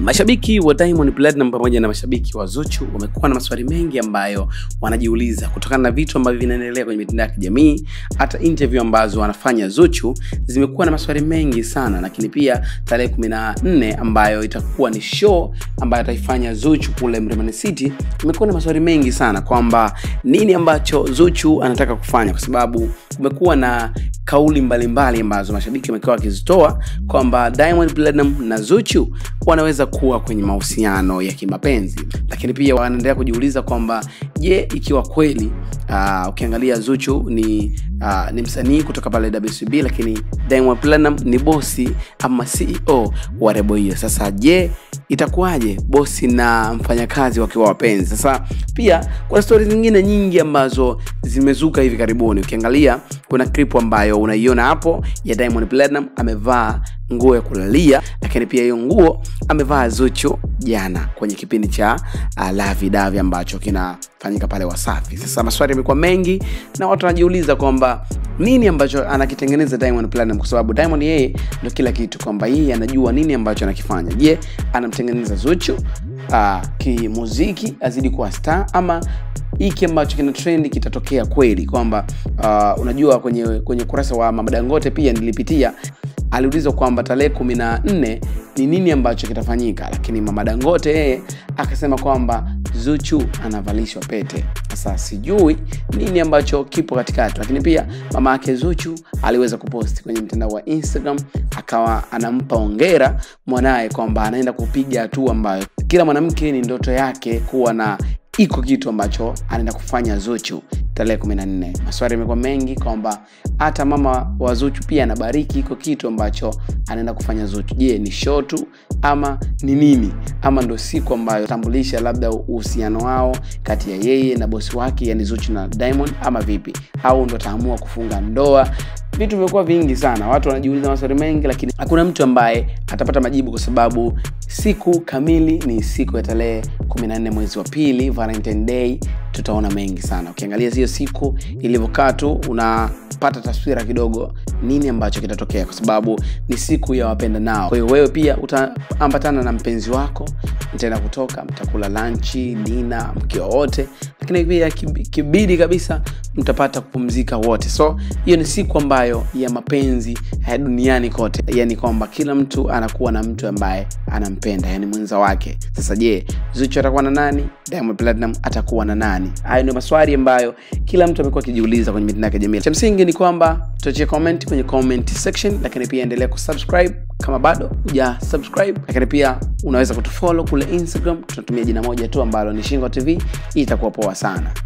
Mashabiki wa Diamond Platnumz pamoja na mashabiki wa Zuchu wamekuwa na maswali mengi ambayo wanajiuliza kutokana na vitu ambavyo vinaendelea kwenye mitandao ya kijamii. Hata interview ambazo wanafanya Zuchu zimekuwa na maswali mengi sana, lakini pia tarehe 14 ambayo itakuwa ni show ambayo ataifanya Zuchu kule Mlimani City, imekuwa na maswali mengi sana kwamba nini ambacho Zuchu anataka kufanya, kwa sababu kumekuwa na kauli mbalimbali ambazo mbali mashabiki wamekuwa wakizitoa kwamba Diamond Platinum na Zuchu wanaweza kuwa kwenye mahusiano ya kimapenzi, lakini pia wanaendelea kujiuliza kwamba je, ikiwa kweli uh, ukiangalia Zuchu ni uh, ni msanii kutoka pale WCB, lakini Diamond Platinum ni bosi ama CEO wa rebo hiyo. Sasa je, itakuwaje bosi na mfanyakazi wakiwa wapenzi? Sasa pia kuna stori zingine nyingi ambazo zimezuka hivi karibuni, ukiangalia kuna clip ambayo unaiona hapo ya Diamond Platinum amevaa nguo ya kulalia, lakini pia hiyo nguo amevaa Zuchu jana kwenye kipindi cha uh, ah, Lavi Davi ambacho kinafanyika pale Wasafi. Sasa maswali yamekuwa mengi na watu wanajiuliza kwamba nini ambacho anakitengeneza Diamond Platinum, kwa sababu Diamond yeye ndo kila kitu, kwamba yeye anajua nini ambacho anakifanya. Je, anamtengeneza Zuchu uh, kimuziki azidi kuwa star ama hiki ambacho kina trend kitatokea kweli kwamba uh, unajua kwenye kwenye kurasa wa mamadangote pia nilipitia aliulizwa kwamba tarehe kumi na nne ni nini ambacho kitafanyika lakini mama dangote yeye akasema kwamba zuchu anavalishwa pete sasa sijui nini ambacho kipo katikati lakini pia mama yake zuchu aliweza kuposti kwenye mtandao wa instagram akawa anampa ongera mwanaye kwamba anaenda kupiga hatua ambayo kila mwanamke ni ndoto yake kuwa na iko kitu ambacho anaenda kufanya Zuchu tarehe nne maswari amekuwa mengi kwamba hata mama wa Zuchu pia anabariki iko kitu ambacho anaenda kufanya Zuchu. Je, ni shotu tu ama ni nini? Ama ndo siku ambayo tambulisha labda uhusiano wao kati ya yeye na bosi wake, yani Zuchu na Diamond, ama vipi? Au ndo ataamua kufunga ndoa vitu vimekuwa vingi sana, watu wanajiuliza maswali mengi, lakini hakuna mtu ambaye atapata majibu, kwa sababu siku kamili ni siku ya tarehe 14 mwezi wa pili, Valentine Day. Tutaona mengi sana ukiangalia hiyo siku ilivyokaa tu, unapata taswira kidogo nini ambacho kitatokea kwa sababu ni siku ya wapenda nao kwa hiyo wewe pia utaambatana na mpenzi wako mtaenda kutoka mtakula lanchi nina mkiwa wote lakini pia kibidi kabisa mtapata kupumzika wote so hiyo ni siku ambayo ya mapenzi ya duniani kote yani kwamba kila mtu anakuwa na mtu ambaye anampenda yani mwenza wake sasa je zuchu atakuwa na nani diamond platinum atakuwa na nani hayo ndio maswali ambayo kila mtu amekuwa akijiuliza kwenye mitandao ya kijamii cha msingi ni kwamba tuachie comment kwenye comment section lakini pia endelea kusubscribe kama bado uja subscribe lakini pia unaweza kutufollow kule instagram tunatumia jina moja tu ambalo ni shingo tv itakuwa poa sana